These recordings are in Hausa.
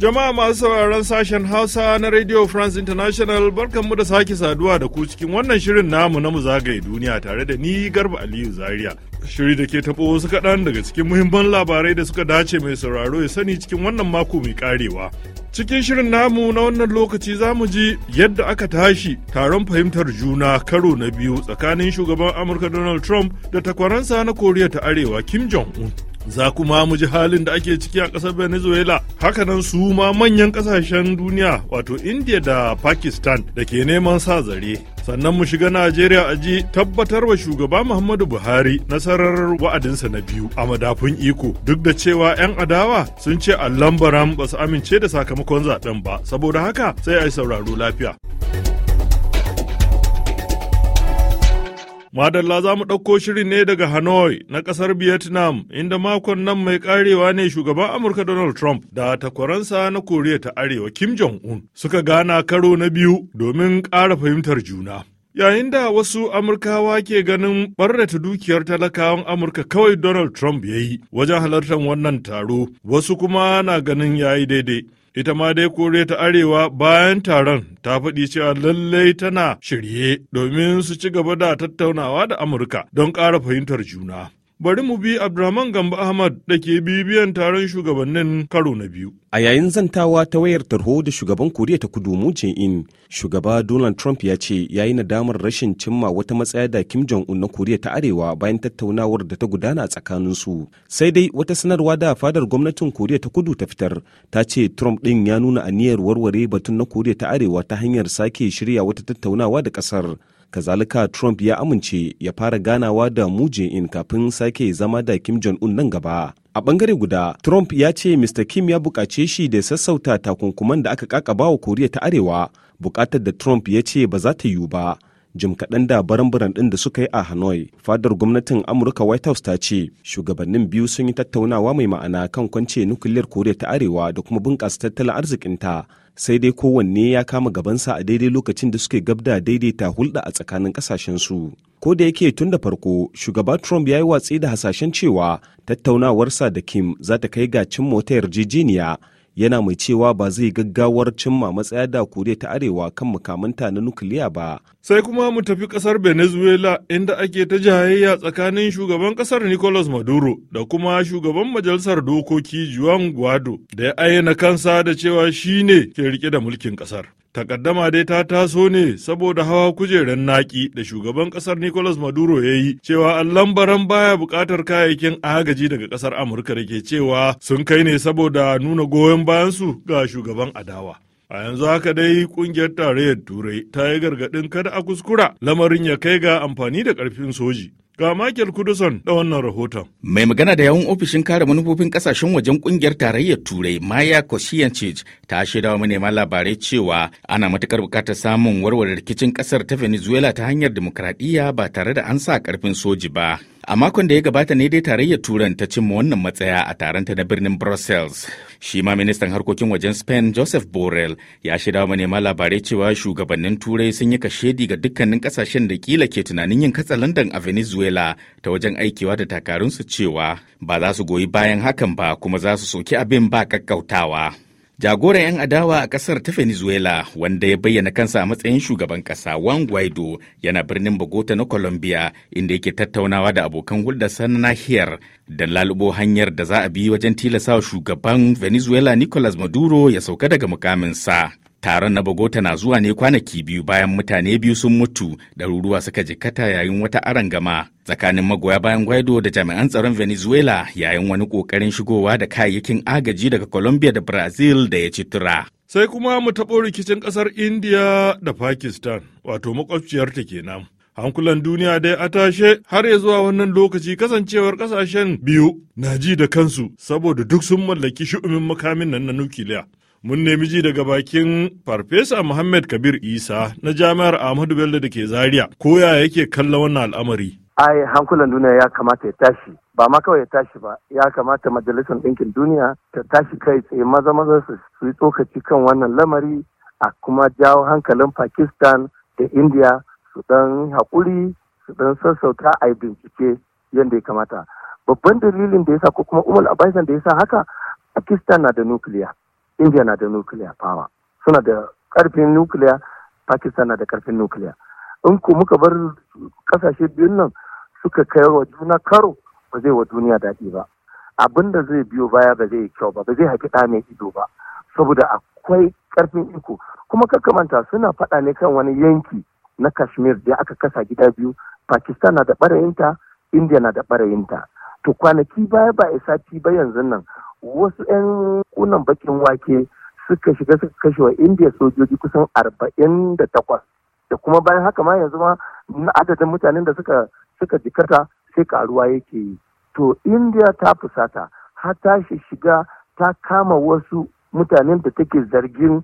Jama'a masu sauraron sashen Hausa na Radio France International barkanmu da sake saduwa da ku cikin wannan shirin namu na mu zagaye duniya tare da ni Garba Aliyu Zaria. Shiri da ke taɓo wasu kaɗan daga cikin muhimman labarai da suka dace mai sauraro ya sani cikin wannan mako mai karewa. Cikin shirin namu na wannan lokaci za mu ji yadda aka tashi taron fahimtar juna karo na biyu tsakanin shugaban Amurka Donald Trump da takwaransa na Koriya ta Arewa Kim Jong-un. za kuma mu ji halin da ake ciki a ƙasar venezuela Haka nan su ma manyan ƙasashen duniya wato india da pakistan da ke neman sa zare sannan mu shiga najeriya a ji tabbatar wa shugaba muhammadu buhari nasarar wa'adinsa na biyu a madafun iko duk da cewa 'yan adawa sun ce a lambaran ba su amince da sakamakon zaben ba saboda haka sai a yi sauraro lafiya Madalla za mu ɗauko shirin ne daga Hanoi na ƙasar Vietnam, inda makon nan mai ƙarewa ne shugaban Amurka Donald Trump da takwaransa na Koriya ta Arewa Kim Jong-un suka gana karo na biyu domin ƙara fahimtar juna. Yayin da wasu Amurkawa ke ganin ɓarnata dukiyar talakawan Amurka kawai Donald Trump ya yi wajen halartar wannan taro, wasu kuma na ganin ya yi daidai. Ita ma dai kore ta arewa bayan taron ta faɗi cewa lallai tana shirye domin su ci gaba da tattaunawa da Amurka don ƙara fahimtar juna. bari mu bi Abdulrahman Gambo Ahmad da ke bibiyan taron shugabannin karo na biyu. A yayin zantawa ta wayar tarho da shugaban Koriya ta Kudu Moon in shugaba Donald Trump ya ce ya yi nadamar rashin cimma wata matsaya da Kim Jong-un na Koriya ta Arewa bayan tattaunawar da ta gudana tsakanin su. Sai dai wata sanarwa da fadar gwamnatin Koriya ta Kudu ta fitar ta ce Trump din ya nuna aniyar warware batun na Koriya ta Arewa ta hanyar sake shirya wata tattaunawa da kasar. kazalika trump ya amince ya fara ganawa da mu in kafin sake zama da kim jong-un nan gaba a bangare guda trump ya ce mr kim ya bukace shi da sassauta takunkuman da aka kakaba wa koriya ta arewa bukatar da trump ya ce ba za ta yiwu ba jim kaɗan da baran-baran ɗin da suka yi a hanoi fadar gwamnatin amurka white house ta ce shugabannin biyu sun yi tattaunawa mai ma'ana kan kwance nukiliyar koriya ta arewa da kuma bunƙasa tattalin arzikinta sai dai kowanne ya kama gabansa a daidai lokacin da suke gabda daidaita hulɗa a tsakanin ƙasashensu. Ko da yake tun da farko, shugaba Trump ya yi watsi da hasashen cewa tattaunawarsa da Kim za ta kai ga cin mota yarjejeniya yana mai cewa ba zai gaggawar cimma matsaya da koriya ta arewa kan mukamanta na nukiliya ba sai kuma mu tafi kasar venezuela inda ake ta jayayya tsakanin shugaban kasar nicolas maduro da kuma shugaban majalisar dokoki juan guado da ya ayyana kansa da cewa shine ke rike da mulkin kasar Takaddama dai ta taso ne saboda hawa kujerar naki da shugaban kasar Nicolas Maduro ya yi cewa allan baran baya bukatar kayayyakin agaji daga kasar Amurka da ke cewa sun kai ne saboda nuna goyon bayansu ga shugaban adawa. A yanzu haka dai kungiyar tarayyar Turai ta yi gargaɗin kada a kuskura lamarin ya kai ga amfani da ƙarfin soji Ga Michael Kuduson da wannan rahoton. Mai magana da yawun ofishin kare manufofin kasashen wajen kungiyar tarayyar Turai Maya Kosiyancic ta shaidawa manema labarai cewa ana matukar bukatar samun warware rikicin kasar ta Venezuela ta hanyar demokradiyya ba tare da an sa karfin soji ba. A makon da ya gabata ne dai tarayyar Turan ta cimma wannan matsaya a taronta na birnin Brussels. Shi ma ministan harkokin wajen Spain Joseph Borrell ya wa manema labarai cewa shugabannin Turai sun yi kashedi ga dukkanin kasashen da kila ke tunanin yin katsa katsalandan a Venezuela ta wajen aikewa da takarunsu cewa ba za su goyi bayan hakan ba kuma za su soki abin ba kakkautawa. Jagoran 'yan adawa a kasar ta Venezuela wanda ya bayyana kansa a matsayin shugaban kasa Juan Guaido yana birnin Bogota na Colombia inda yake tattaunawa da abokan hulɗarsa na nahiyar da lalubo hanyar da za a bi wajen tilasa shugaban Venezuela Nicolas Maduro ya sauka daga mukaminsa. Taron na Bogota na zuwa ne kwanaki biyu bayan mutane biyu sun mutu ɗaruruwa suka jikkata yayin wata arangama tsakanin magoya bayan Guaido da jami'an tsaron Venezuela yayin wani kokarin shigowa da kayayyakin agaji daga Colombia da Brazil da ya ci tura. Sai kuma mu taɓo rikicin ƙasar India da Pakistan, wato makwabciyarta kenan. hankulan duniya dai a tashe har ya zuwa wannan lokaci kasancewar kasashen biyu na ji da kansu saboda duk sun mallaki shu'umin makamin nan na nukiliya mun nemi ji daga bakin farfesa muhammad kabir isa na jami'ar ahmadu bello da ke zaria koya yake kallon wannan al'amari ai hankulan duniya ya kamata ya tashi ba ma kawai ya tashi ba ya kamata majalisar ɗinkin duniya ta tashi kai tsaye maza maza su yi tsokaci kan wannan lamari a kuma jawo hankalin pakistan da india su dan haƙuri su dan sassauta a bincike yadda ya kamata babban dalilin da ya sa ko kuma umar abaisan da ya sa haka pakistan na da nukiliya india na da nuclear power suna da karfin nuclear pakistan na da karfin nuclear in ku muka bar kasashe biyun nan suka kai wa juna karo ba zai wa duniya daɗi ba abin da zai biyo baya ba zai kyau ba ba zai haƙi ɗa mai ido ba saboda akwai karfin iko kuma kakamanta suna faɗa ne kan wani yanki na kashmir da aka kasa gida biyu pakistan na da ɓarayinta india na da ɓarayinta to kwanaki baya ba sati ba yanzu nan wasu 'yan kunan bakin wake suka shiga suka kashe wa indiya sojoji kusan arba'in da takwas da kuma bayan haka ma yanzu ma adadin mutanen da suka suka jikata sai karuwa yake yi to indiya ta fusata har ta shiga ta kama wasu mutanen da take zargin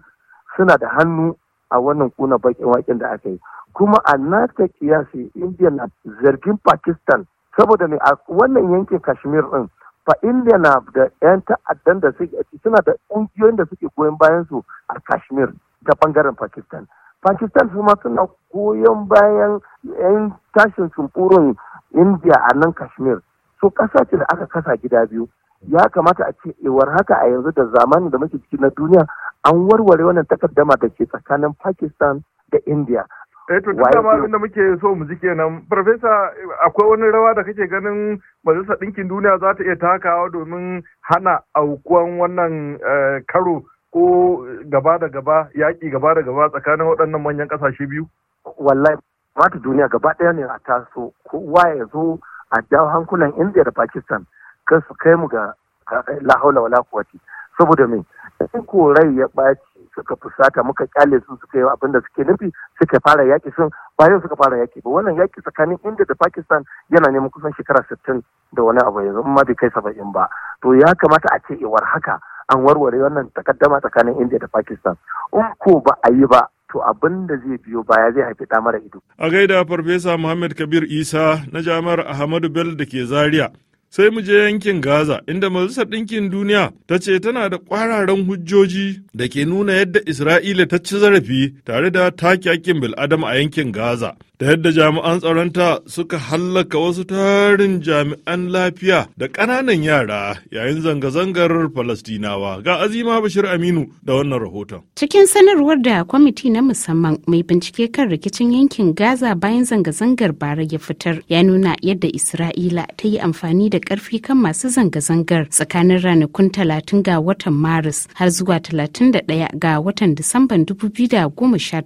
suna da hannu a wannan kuna bakin waken da aka yi kuma a nata kiyasi indiya na zargin pakistan saboda ne a wannan yankin kashmir din fa india na da 'yan ta'addan da suke suna da ƙungiyoyin da suke goyon bayan su a kashmir ta bangaren pakistan pakistan su ma suna goyon bayan 'yan tashin sumburin india a nan kashmir so ƙasa ce da aka kasa gida biyu ya kamata a ce ewar eh, haka a yanzu da zamanin da muke ciki na duniya an warware wannan takaddama da ke tsakanin pakistan da india eh to duk dama abin da muke so mu ji kenan farfesa akwai wani rawa da kake ganin majalisar ɗinkin duniya za ta iya takawa domin hana aukuwan wannan eh, karo ko gaba da gaba yaƙi gaba da gaba tsakanin waɗannan manyan ƙasashe biyu wallahi mata duniya gaba ɗaya ne a taso kowa ya zo a dawo hankulan india da pakistan kan su kai mu ga la haula wala quwwati saboda me in ko rai ya ɓaci suka fusata muka kyale su suka yi abin da suke nufi suka fara yaƙi sun bayan suka fara yaki ba wannan yaki tsakanin inda da pakistan yana neman kusan shekara sittin da wani abu yanzu ma bai kai saba'in ba to ya kamata a ce iwar eh, haka an warware wannan takaddama tsakanin india da pakistan in ko ba a yi ba to abin da zai biyo baya zai haifi ɗa mara ido. A gaida Farfesa Muhammad Kabir Isa na Jami'ar Ahmadu Bello da ke Zaria sai mu je yankin Gaza inda Majalisar Ɗinkin Duniya ta ce tana da ƙwararan hujjoji da ke nuna yadda Isra'ila ta ci zarafi tare da take hakkin bil'adama a yankin Gaza da yadda jami'an tsaronta suka hallaka wasu tarin jami'an lafiya da ƙananan yara yayin zanga-zangar Falastinawa ga Azima Bashir Aminu da wannan rahoton. Cikin sanarwar da kwamiti na musamman mai bincike kan rikicin yankin Gaza bayan zanga-zangar bara ya fitar ya nuna yadda Isra'ila ta yi amfani da ƙarfi kan masu zanga-zangar tsakanin ranakun talatin ga watan Maris har zuwa talatin 31 ga watan Disamban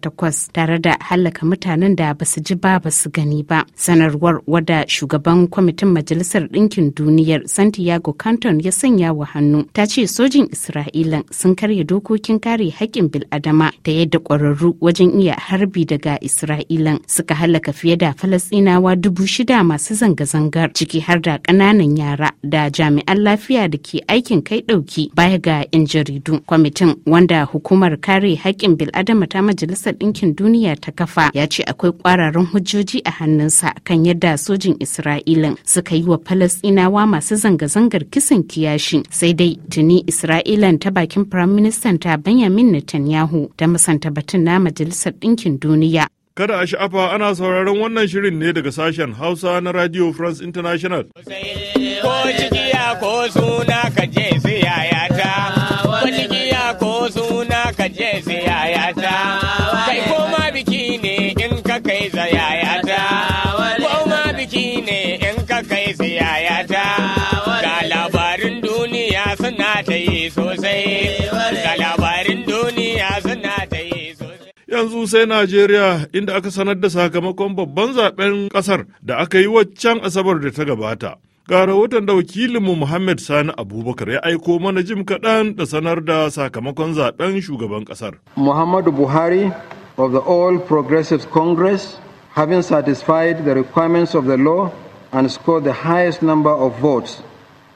takwas tare da hallaka mutanen da basu su ji ba ba su gani ba sanarwar wadda shugaban kwamitin majalisar ɗinkin duniyar santiago canton ya sanya wa hannu ta ce sojin isra'ila sun karya dokokin kare haƙƙin bil'adama da yadda ƙwararru wajen iya harbi daga isra'ilan suka halaka fiye da falasɗinawa dubu shida masu zanga-zangar ciki har da ƙananan yara da jami'an lafiya da ke aikin kai ɗauki baya ga 'yan jaridu kwamitin wanda hukumar kare haƙƙin bil'adama ta majalisar ɗinkin duniya ta kafa ya ce akwai ƙwararru kwararrun hujjoji a hannunsa kan yadda sojin Isra'ilan suka yi wa Falasɗinawa masu zanga-zangar kisan kiyashi sai dai tuni Isra'ilan ta bakin Firaministan ta Benjamin Netanyahu ta musanta batun na Majalisar Ɗinkin Duniya Kada a sha'afa ana sauraron wannan shirin ne daga sashen Hausa na Radio France International. Ko ko ta Yanzu sai Najeriya inda aka sanar da sakamakon babban zaben kasar da aka yi waccan asabar da ta gabata. Ga rahoton da wakilinmu Muhammad Sani Abubakar ya aiko mana jim kaɗan da sanar da sakamakon zaben shugaban kasar. Muhammadu Buhari of the All Progressives Congress having satisfied the requirements of the law and scored the highest number of votes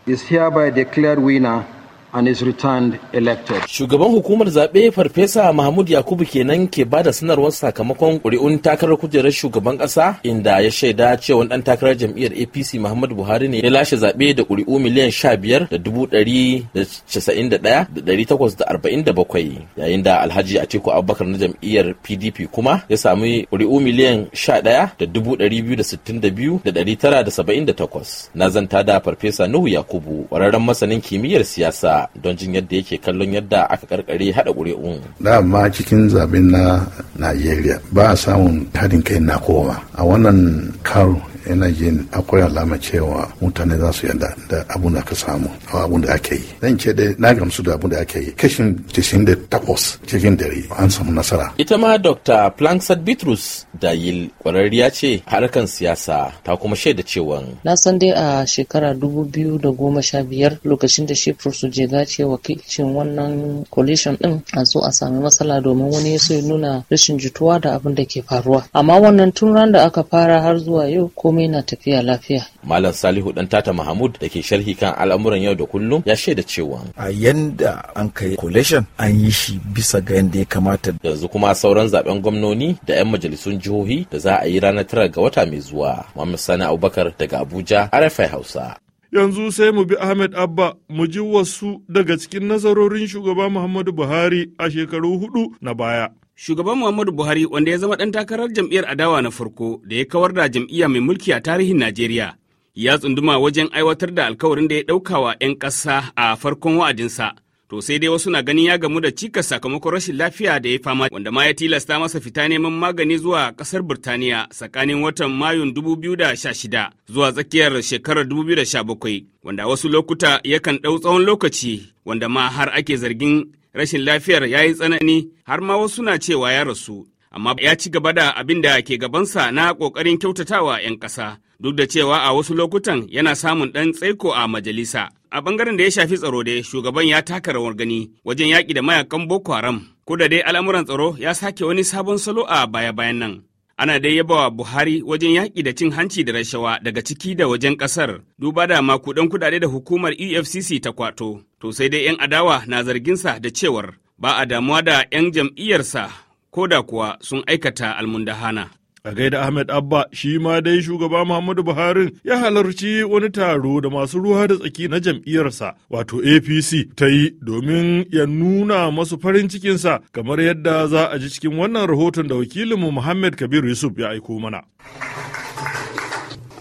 is hereby declared winner and is returned elected. Shugaban hukumar zaɓe Farfesa Mahmud Yakubu kenan ke ba da sanarwar sakamakon ƙuri'un takarar kujerar shugaban ƙasa inda ya shaida cewa ɗan takarar jam'iyyar APC Muhammadu Buhari ne ya lashe zaɓe da ƙuri'u miliyan sha biyar da dubu ɗari da casa'in da ɗaya da ɗari takwas da arba'in da bakwai yayin da Alhaji Atiku Abubakar na jam'iyyar PDP kuma ya sami ƙuri'u miliyan sha ɗaya da dubu ɗari biyu da sittin da biyu da ɗari tara da saba'in da takwas. Na zanta da Farfesa Nuhu Yakubu ƙwararren masanin kimiyyar siyasa don jin yadda yake kallon yadda aka karkare hada ƙuri'un. Dama cikin zaben na Najeriya ba a samun tadin kai na kowa. A wannan karo yana jin akwai alama cewa mutane za su yadda da abun da aka samu a abun da ake yi zan ce dai na gamsu da abun da ake yi kashin takwas cikin dare an samu nasara ita ma dr planksat bitrus da dayil kwararriya ce harkan siyasa ta kuma shaida cewa na san dai a shekara dubu biyu da goma sha biyar lokacin da su su je ce wakilcin wannan coalition din a zo a sami matsala domin wani ya so ya nuna rashin jituwa da abin da ke faruwa amma wannan tun ran da aka fara har zuwa yau ko komai na tafiya lafiya. Malam Salihu dan Tata Mahmud da ke sharhi kan al'amuran yau da kullum ya shaida cewa. A yanda an kai collation an yi shi bisa ga yanda ya kamata. Yanzu kuma sauran zaben gwamnoni da 'yan majalisun jihohi da za a yi ranar tara ga wata mai zuwa. Muhammad Sani Abubakar daga Abuja, RFI Hausa. yanzu sai mu bi Ahmed Abba mu ji wasu daga cikin nasarorin shugaba Muhammadu Buhari a shekaru hudu na baya. Shugaban Muhammadu Buhari wanda ya zama ɗan takarar jam'iyyar adawa na farko da ya kawar da jam'iyya mai mulki a tarihin Najeriya ya tsunduma wajen aiwatar da alkawarin da ya ɗauka wa 'yan ƙasa a farkon wa'adinsa. To sai dai wasu na ganin ya gamu da cikas sakamakon rashin lafiya da ya fama wanda ma ya tilasta masa fita neman magani zuwa ƙasar Birtaniya tsakanin watan Mayun 2016 zuwa tsakiyar shekarar 2017 wanda wasu lokuta yakan ɗau tsawon lokaci wanda ma har ake zargin rashin lafiyar ya yi tsanani har ma wasu na cewa ya rasu amma ya ci gaba da abin da ke gabansa na ƙoƙarin kyautatawa 'yan ƙasa duk da cewa a wasu lokutan yana samun ɗan tsaiko a majalisa a ɓangaren da ya shafi tsaro dai shugaban ya taka rawar gani wajen yaƙi da mayakan boko haram ko da dai al'amuran tsaro ya sake wani sabon salo a baya-bayan nan Ana dai yabawa Buhari wajen yaƙi da cin hanci da rashawa daga ciki da wajen ƙasar, duba da makudan kuɗaɗe da hukumar EFCC ta kwato. To sai dai 'yan adawa na zarginsa da cewar ba a damuwa da 'yan jam'iyyarsa ko da kuwa sun aikata almundahana. A gaida Ahmed Abba shi ma dai shugaba Muhammadu buharin ya halarci wani taro da masu ruwa da tsaki na jam'iyyarsa wato APC ta yi domin ya nuna masu farin cikinsa kamar yadda za a ji cikin wannan rahoton da wakilinmu Muhammad Kabir Yusuf ya aiko mana.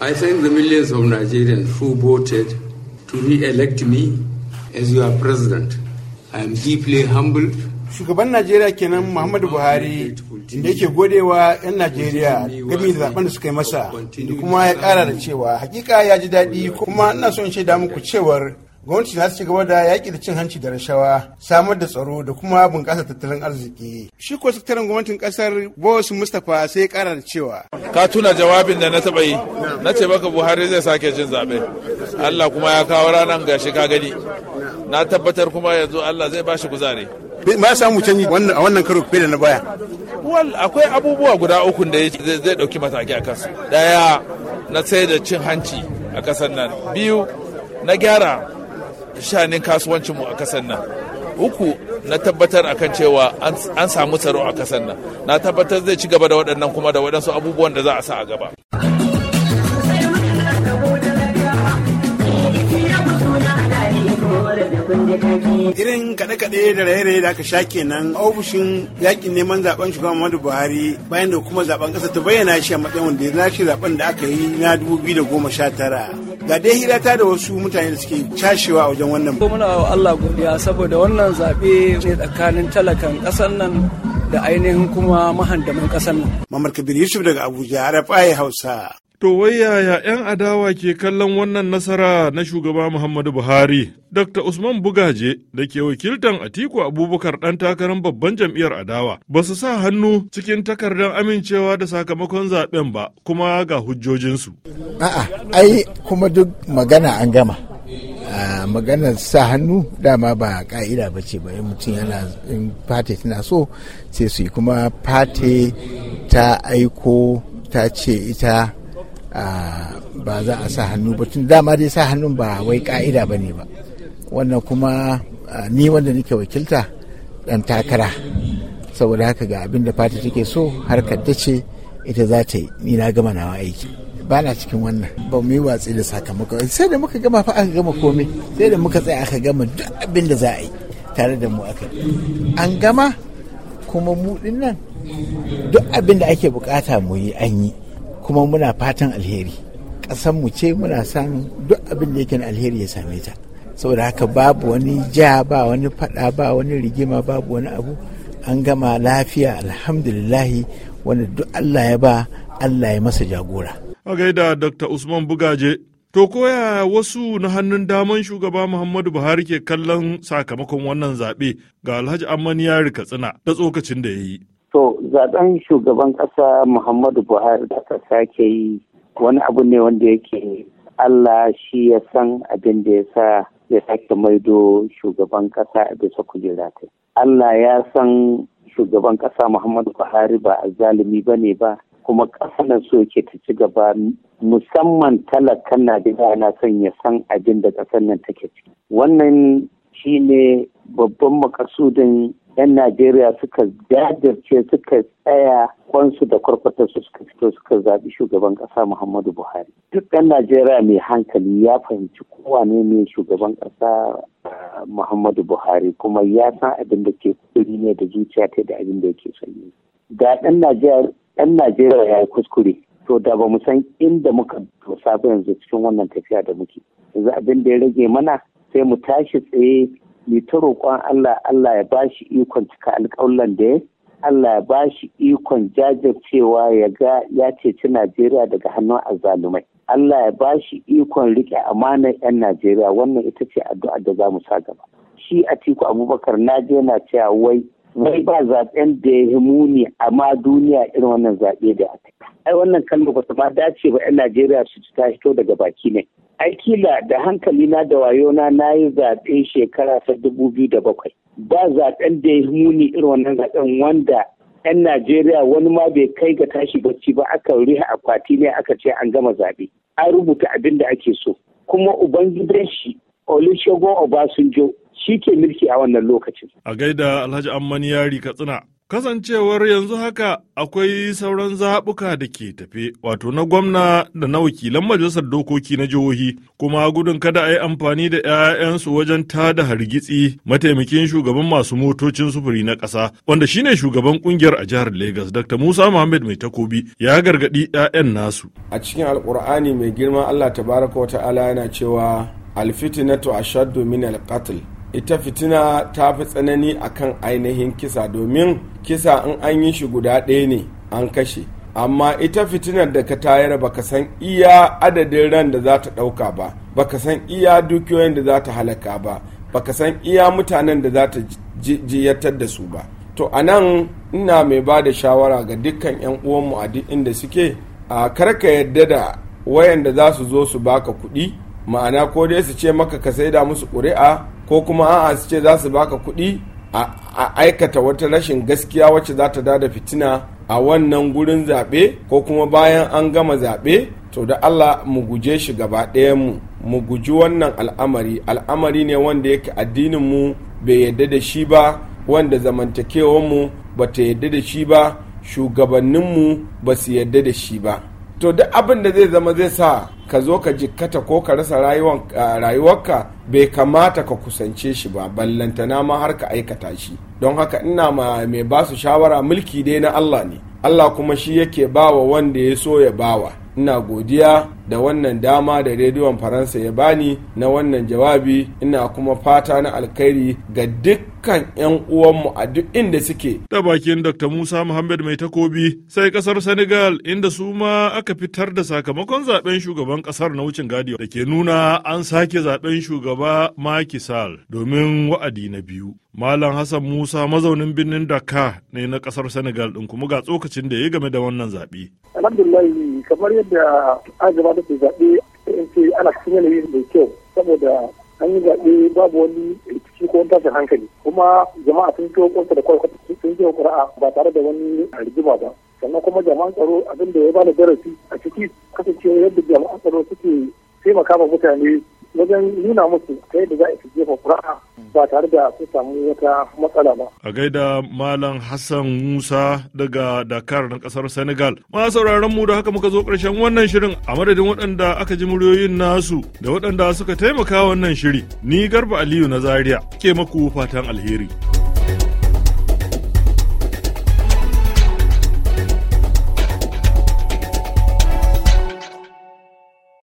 I thank the millions of Nigerians who voted to re-elect me as your president. I am deeply humbled shugaban najeriya kenan muhammadu buhari da yake godewa 'yan najeriya game da zaben da suka yi masa da kuma ya kara da cewa hakika ya ji daɗi kuma ina son shaida muku cewar gwamnati za ta ci gaba da yaƙi da cin hanci da rashawa samar da tsaro da kuma bunƙasa tattalin arziki shi ko sakataren gwamnatin ƙasar boss mustapha sai ƙara da cewa ka tuna jawabin da na taɓa yi na ce maka buhari zai sake cin zaɓe allah kuma ya kawo ranar gashi ka gani na tabbatar kuma yanzu allah zai bashi kuzari ya samu canji a wannan karo fiye da na baya wal akwai abubuwa guda uku da zai ɗauki mataki a kansu Ɗaya na sai da cin hanci a ƙasar nan biyu na gyara shanin kasuwancinmu a kasan nan uku na tabbatar akan cewa an samu tsaro a kasan nan na tabbatar zai ci gaba da waɗannan kuma da waɗansu abubuwan da za a sa a gaba irin kaɗe-kaɗe da raye-raye da aka sha kenan ofishin yaƙin neman zaben shugaban Muhammadu Buhari bayan da kuma zaben ƙasa ta bayyana shi a matsayin wanda ya zaben da aka yi na 2019 ga dai hirata da wasu mutane da suke cashewa a wajen wannan ko muna wa Allah godiya saboda wannan zaɓe ne tsakanin talakan ƙasar nan da ainihin kuma mahandaman ƙasar nan Mamar Kabir Yusuf daga Abuja Arafai Hausa To wai yaya 'yan adawa ke kallon wannan nasara na shugaba Muhammadu Buhari? Dr. Usman Bugaje da ke wakiltan Atiku Abubakar ɗan takarar babban jam'iyyar adawa ba su sa hannu cikin takardar amincewa da sakamakon zaben ba kuma ga hujjojinsu. A'a, ai kuma duk magana an gama. a maganar sa hannu dama ba ka'ida ba ce ba mutum yana in fate tana so sai su yi kuma fate ta aiko ta ce ita ba za a sa hannu ba tun dama dai sa hannun ba wai ka'ida ba ne ba wannan kuma ni wanda nake wakilta dan takara saboda haka ga abin da fata take so harkar ta ce ita za ta yi ni na gama nawa aiki ba na cikin wannan ba mu yi watsi da sakamako sai da muka gama fa aka gama komai sai da muka tsaya aka gama duk abin da za a yi tare da mu aka an gama kuma mu din nan duk abin da ake bukata mu yi an yi kuma muna fatan alheri mu ce muna san duk abin da yake alheri ya same ta saboda haka babu wani ja ba wani fada ba wani rigima babu wani abu an gama lafiya alhamdulillahi wanda duk allah ya ba allah ya masa jagora a gaida dr usman bugaje to koya wasu na hannun daman shugaba muhammadu buhari ke kallon sakamakon wannan zaɓe ga alhaji amman yari katsina da tsokacin da ya yi To zaben shugaban ƙasa Muhammadu Buhari da aka sake yi wani abu ne wanda yake Allah shi ya san abin da ya sa ya sake maido shugaban ƙasa a bisa kujera ta. Allah ya san shugaban ƙasa Muhammadu Buhari ba a zalimi ba ne ba kuma ƙasa na so ke ta ci gaba musamman talakan Najeriya na son ya san abin da ƙasar nan take ciki. Wannan shi ne babban makasudin 'yan Najeriya suka jajirce suka tsaya kwansu da kwarkwatarsu suka fito suka zaɓi shugaban ƙasa Muhammadu Buhari. Duk ɗan Najeriya mai hankali ya fahimci kowa ne shugaban ƙasa Muhammadu Buhari kuma ya san abin da ke kuri ne da zuciya ta da abin da yake sanyi. ga ɗan Najeriya ya yi kuskure. To da ba mu san inda muka dosa ba yanzu cikin wannan tafiya da muke. Yanzu abin da ya rage mana sai mu tashi tsaye mai ta roƙon Allah Allah ya ba shi ikon cika alƙawlan da ya Allah ya ba shi ikon jajircewa ya ga ya ceci Najeriya daga hannun azzalumai. Allah ya ba shi ikon riƙe amanar 'yan Najeriya wannan ita ce addu'a da za mu sa gaba. Shi Atiku Abubakar na je na cewa wai wai ba zaɓen da ya yi muni amma duniya irin wannan zaɓe da aka. Ai wannan kalma ba ta ma dace ba 'yan Najeriya su ta fito daga baki ne. aikila da hankali na da wayona na yi zaɓe shekara ta dubu biyu da bakwai ba zaɓen da ya muni irin wannan zaɓen wanda 'yan najeriya wani ma bai kai ga tashi bacci ba aka riha akwati ne aka ce an gama zaɓe an rubuta abin da ake so kuma ubangidan shi Olusegun Obasanjo shi ke mulki a wannan lokacin. A gaida Alhaji Amman Yari Katsina. Kasancewar yanzu haka akwai sauran zaɓuka da ke tafe, wato na gwamna da na wakilan majalisar dokoki na jihohi, kuma gudun kada a yi amfani da 'ya'yansu wajen tada hargitsi mataimakin shugaban masu motocin sufuri na ƙasa, wanda shine shugaban ƙungiyar a jihar Legas, Dr. Musa Muhammad Mai Takobi ya gargaɗi 'ya'yan nasu. A cikin Alƙur'ani mai girma Allah tabaraka wa ta'ala yana cewa alfitinatu ashaddu min alqatl ita fitina ta fi tsanani a kan ainihin kisa domin kisa in an yi shi guda ɗaya ne an kashe amma ita fitinar da ka tayar baka san iya adadin ran da za ta ɗauka ba baka san iya dukiyoyin da za ta halaka ba baka san iya mutanen da za ta jiyatar da su ba to anan nan ina mai ba da shawara ga dukkan 'yan uwanmu a duk inda suke a karka yadda da wayanda za su zo su baka kuɗi ma'ana ko dai su ce maka ka saida musu ƙuri'a ko kuma a'a su ce za su baka kuɗi a aikata wata rashin gaskiya wacce za ta da fitina a wannan gurin zaɓe ko kuma bayan an gama zaɓe to da Allah mu guje shi gaba ɗaya mu mu guji wannan al'amari al'amari ne wanda yake addinin mu bai yadda da shi ba wanda zamantakewar mu ta yadda da shi ba shugabanninmu ba su yadda da shi ba to duk abin da zai zama zai sa ka zo ka jikkata ko ka rasa rayuwarka bai kamata ka kusance shi ba ballantana ma har ka aikata shi don haka ina ma mai basu shawara mulki dai na Allah ne Allah kuma shi yake bawa wanda ya so ya bawa ina godiya da wannan dama da rediyon faransa ya bani na wannan jawabi ina kuma fata na alkhairi ga dukkan 'yan uwanmu a duk inda suke da bakin dr musa muhammad mai takobi sai kasar senegal inda su ma aka fitar da sakamakon zaben shugaban kasar na wucin gadi da ke nuna an sake zaben shugaba Macky domin wa'adi na biyu Malam Hassan Musa mazaunin birnin Dakar ne na kasar Senegal ɗin kuma ga tsokacin da ya game da wannan zaɓe. alhamdulillahi kamar yadda an zama da ke zaɓe in ce ana cikin yanayi mai kyau saboda an yi zaɓe babu wani rikici ko tashin hankali kuma jama'a sun ciwo kwansa da kwarkwata sun ciwo ƙura'a ba tare da wani rigima ba sannan kuma jama'an tsaro abin da ya bada darasi a ciki kasancewa yadda jama'an tsaro suke taimaka ma mutane wajen nuna musu ta yadda za a fi jefa kura'a ba tare da su samu wata matsala ba. A gaida Malam Hassan Musa daga Dakar na kasar Senegal. Ma sauraron mu da haka muka zo ƙarshen wannan shirin a madadin waɗanda aka ji muryoyin nasu da waɗanda suka taimaka wannan shiri. Ni Garba Aliyu na Zaria ke maku fatan alheri.